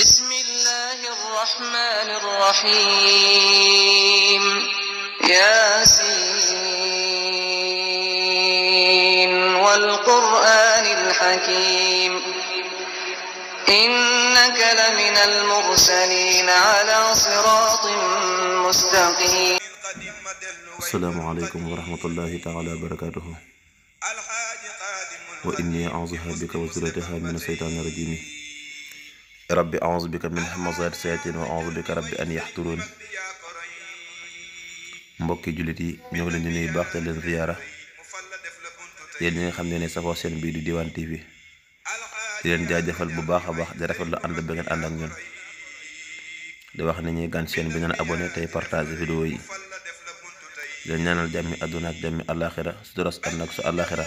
بسم الله الرحمن الرحيم ياسين والقرآن الحكيم إنك لمن المرسلين على صراط مستقيم السلام عليكم ورحمة الله تعالى وبركاته وإني أعوذها بك وزرتها من الشيطان الرجيم rabbi a'uuzu bika min hamazaati sayaatiin wa a'uuzu bika rabbi an yaxturuun mbokki jullit yi ñoo ngi leen di nuyu baax te leen ziyaara yéen nga xam ne ne bii di Diwane TV di leen jaajëfal bu baax a baax di rafetlu ànd bi ngeen ànd ak ñun di wax ni ñuy gan chaîne bi ngeen abonné tey partage vidéo yi di leen ñaanal jàmmi àdduna ak jàmmi àllaaxira suturas ànd ak su àllaaxira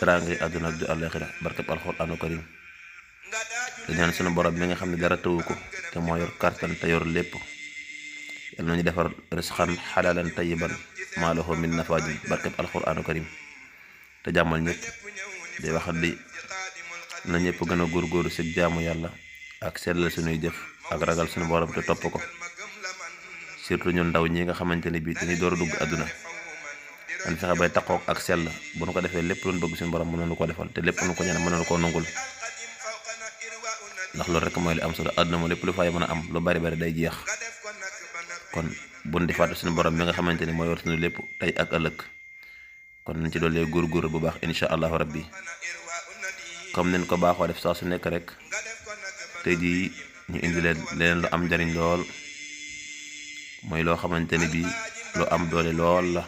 teraanga yi àdduna ak ju àllaaxira barkeb alxuraanu karim te ñaan sunu borom bi nga xam ne dara tëwu ko te moo yor kartan te yor lépp yal nañu defar risqan xalaalan tayiban maa lahu min nafaajin barkeb alquraanu karim te jàmmal ñëpp di waxat di na ñëpp gën a góorgóorlu si jaamu yàlla ak sellal suñuy jëf ak ragal suñu borom te topp ko surtout ñun ndaw ñi nga xamante ne bii dañuy door a dugg àdduna dañ fexe bay taqoog ak sell bu nu ko defee lépp lu nu bëgg suñu borom mën nañu ko defal te lépp lu ko ñaan mën n koo nangul ndax loolu rek mooy li am solo àdduna moom lépp lu fay mën a am lu bari bari day jeex kon bun di fàtte suñu borom bi nga xamante ni mooy war suñu lépp tey ak ëllëg kon nañ ci doolee góorgóorlu bu baax incha allahu rabbi comme nen ko baaxoo def saa su nekk rek tey jii ñu indi leen leneen lu am njariñ lool mooy loo xamante ni bii lu am doole lool la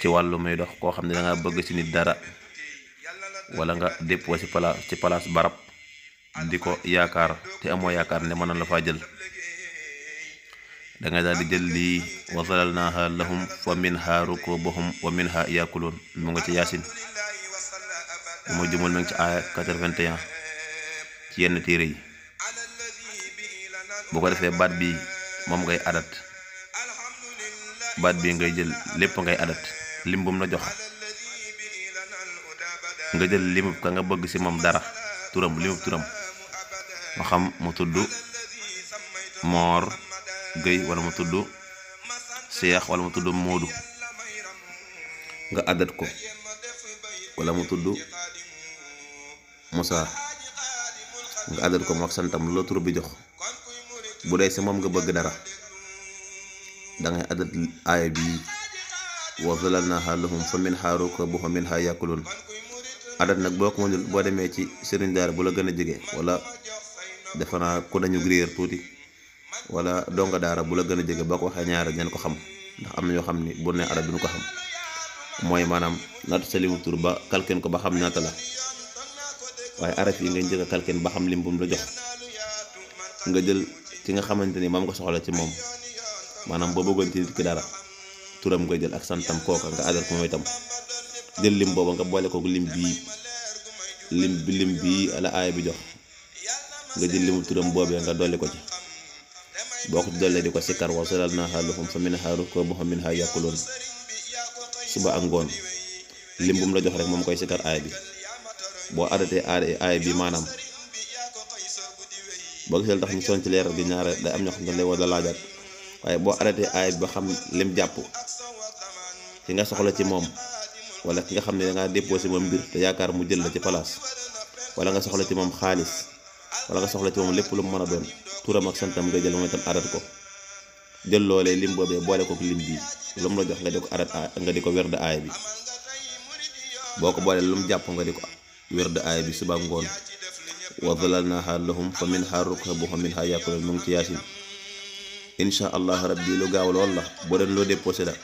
ci wàllu muy dox koo xam ne da bëgg ci nit dara wala nga déposé ci palaas ci palaas barab di ko yaakaar te amoo yaakaar ne mën na la faa jël da daal di jël lii wa zalalnaha lahum fa minha rukubuhum wa minha yaakuloon mu nga ci yaasin bu ma jumul ma ngi ci aaya ci yenn téere yi bu ko defee baat bi moom ngay adat baat bi ngay jël lépp ngay adat lim bum la jox nga jël limub ka nga bëgg ci moom dara turam limub turam moo xam mu tudd moor géy wala mu tudd seex wala mu tudd móodu nga àddat ko wala mu tudd musaa nga àddat ko mook santam lu la bi jox bu dee si moom nga bëgg dara dangay àddat aaya bii wa zalalnaahaa lahum fa minhaa rakuubuhum wa minhaa ya'kuluun adat nag boo ko mënul boo demee ci sëriñ daara bu la gën a jege wala defe naa ku dañu réer tuuti wala donga daara bu la gën a jege boo ko waxee ñaari ngeen ko xam ndax am na ñoo xam ni bu ne adat duñu ko xam mooy maanaam naatu sa limu tur ba kalken ko ba xam ñaata la waaye araf yi nga njëkk a kalken ba xam lim bu mu la jox nga jël ci nga xamante ni moom nga soxla ci moom maanaam boo bëggoon ci nit ki dara turam nga jël ak santam kooka nga adal ko jël lim booba nga boole kook lim bii lim bi lim bii la aaya bi jox nga jël limu turam boobee nga dolli ko ci boo ko ci dollee di ko sikkar wa zallalnaahaa lahum fa minhaa rakuubuhum wa minhaa ya'kuluun suba ak ngoon lim bu la jox rek moom koy sikkar aaya bi boo arrêté aaya bi maanaam boo gisee tax mu sonn ci leeral gi ñaare day am ñoo xam ne lay war da waaye boo arrêté aaya bi ba xam lim jàpp ci nga soxla ci moom wala ki nga xam ne da ngaa déposé moom mbir te yaakaar mu jël la ci place wala nga soxla ci moom xaalis wala nga soxla ci moom lépp lu mu mën a doon turam ak santam nga jël moom itam adat ko jël loolee lim boobee boole ko lim bii lu mu la jox nga di ko adat nga di ko wér de aay bi boo ko boolee lu mu jàpp nga di ko wér de aay bi suba ngoon wa dalalnaaha lahum fa minhaa rukbuhum minhaa yaakuloon mu ngi ci yaasin incha allah rabbi lu gaaw lool la boo doon loo déposé la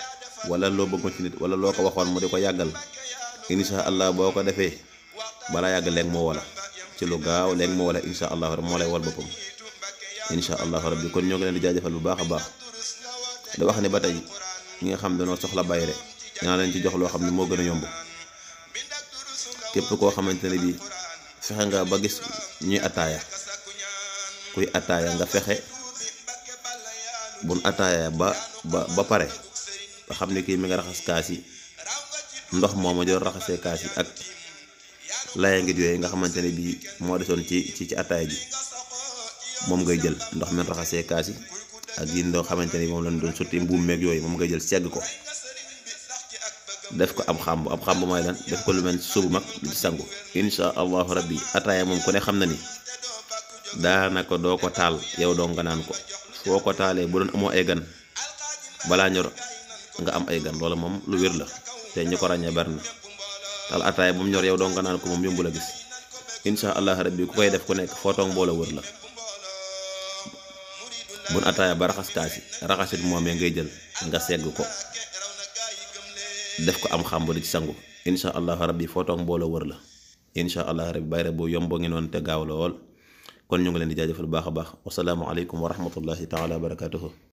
wala loo bëggoon ci nit wala loo ko waxoon mu di ko yàggal insha allah boo ko defee balaa yàgg léegi moo wala ci lu gaaw léegi moo wala insha allah moo lay wal boppam insha allah rabbi kon ñoo ngi leen di jaajëfal bu baax a baax da wax ne ba tey ñi nga xam dañoo soxla bàyyi rek ñaa leen ci jox loo xam ne moo gën a yomb képp koo xamante ne bii fexe nga ba gis ñuy ataaya kuy ataaya nga fexe bun ataaya ba ba ba pare nga xam ne kii mi nga raxas kaas yi ndox moomu doon raxasee kaas yi ak laya ngit yooyu nga xamante ne bii moo desoon ci ci ci ataay ji moom ngay jël ndox mi raxasee kaas yi ak yi ndoo xamante ne moom lan doon sotti mbuum meeg yooyu moom ngay jël segg ko def ko am xàmb am xàmb mooy lan def ko lu mel subu mag di sangu insha allahu rabbi ataaya moom ku ne xam na ni daanaka doo ko taal yow doo nga naan ko foo ko taalee bu doon amoo ay gan balaa nga am ay gan loolu moom lu wér la te ñu ko ràññee bari na taal ataaya bu mu ñor yow doo nga naan ko moom yombu la gis incha allah rabbi ku koy def ku nekk foo toog mbooloo wër la bun ataaya ba raxas kaasi raxasit ngay jël nga segg ko def ko am xàmb di ci sangu incha allah rabbi foo toog mbooloo wër la incha allah rabbi bayre bu yomb ngi noonu te gaaw lool kon ñu ngi leen di jaajëfal baax a baax wasalaamualeykum wa rahmatullahi taala wa